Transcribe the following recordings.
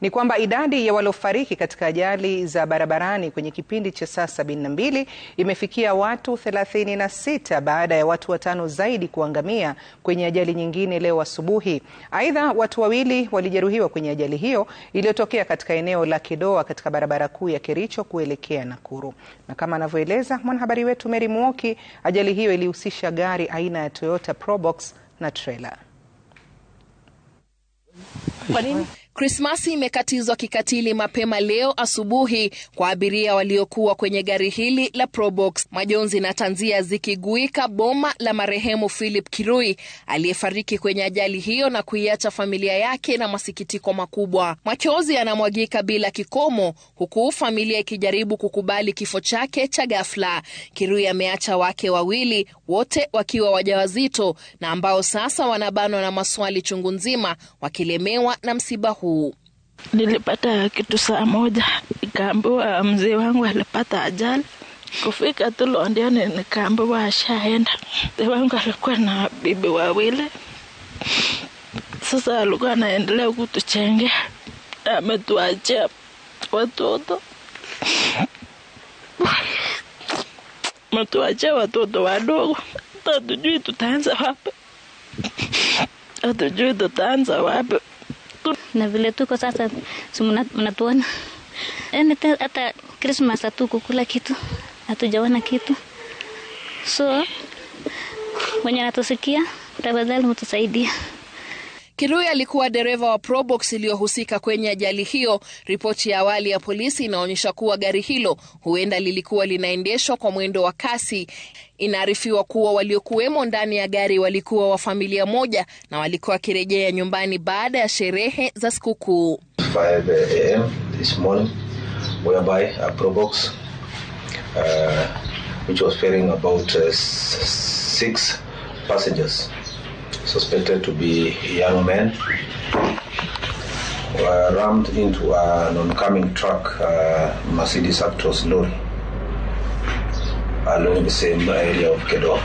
ni kwamba idadi ya waliofariki katika ajali za barabarani kwenye kipindi cha saa mbili imefikia watu sita baada ya watu watano zaidi kuangamia kwenye ajali nyingine leo asubuhi. Aidha, watu wawili walijeruhiwa kwenye ajali hiyo iliyotokea katika eneo la Kidoa katika barabara kuu ya Kericho kuelekea Nakuru. Na kama anavyoeleza mwanahabari wetu Mary Mwoki, ajali hiyo ilihusisha gari aina ya Toyota Probox na trela. Kwa nini? Krismasi imekatizwa kikatili mapema leo asubuhi kwa abiria waliokuwa kwenye gari hili la Probox, majonzi na tanzia zikiguika boma la marehemu Philip Kirui aliyefariki kwenye ajali hiyo na kuiacha familia yake na masikitiko makubwa. Machozi yanamwagika bila kikomo, huku familia ikijaribu kukubali kifo chake cha ghafla. Kirui ameacha wake wawili, wote wakiwa wajawazito na ambao sasa wanabanwa na maswali chungu nzima, wakilemewa na msiba huu mkuu. nilipata kitu saa moja, nikaambiwa mzee wangu alipata ajali. Kufika tu Londiani nikaambiwa ashaenda. Mzee wangu alikuwa na bibi wawili, sasa alikuwa anaendelea kutuchengea, ametuachia watoto ametuachia watoto wadogo, hatujui tutaanza wapi, hatujui tutaanza wapi tu na vile tuko sasa, mnatuona yaani hata Christmas hatukukula kitu, hatujaona kitu. So mwenye anatusikia tafadhali mtusaidie. Kirui alikuwa dereva wa Probox iliyohusika kwenye ajali hiyo. Ripoti ya awali ya polisi inaonyesha kuwa gari hilo huenda lilikuwa linaendeshwa kwa mwendo wa kasi. Inaarifiwa kuwa waliokuwemo ndani ya gari walikuwa wa familia moja na walikuwa wakirejea nyumbani baada ya sherehe za sikukuu. Uh, uh, which was ferrying about uh, six passengers suspected to be young men were rammed into an oncoming truck, uh, Mercedes Actros lorry, along the same area of Kedo.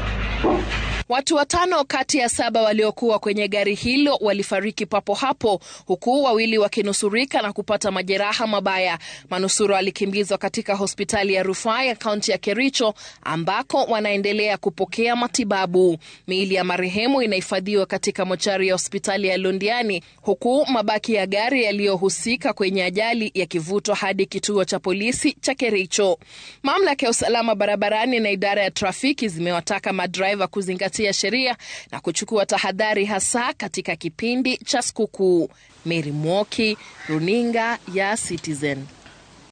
Watu watano kati ya saba waliokuwa kwenye gari hilo walifariki papo hapo, huku wawili wakinusurika na kupata majeraha mabaya. Manusura walikimbizwa katika hospitali ya rufaa ya kaunti ya Kericho ambako wanaendelea kupokea matibabu. Miili ya marehemu inahifadhiwa katika mochari ya hospitali ya Londiani, huku mabaki ya gari yaliyohusika kwenye ajali yakivutwa hadi kituo cha polisi cha Kericho. Mamlaka ya usalama barabarani na idara ya trafiki zimewataka madriver kuzingatia kuzingatia sheria na kuchukua tahadhari hasa katika kipindi cha sikukuu. Mary Mwoki, runinga ya Citizen.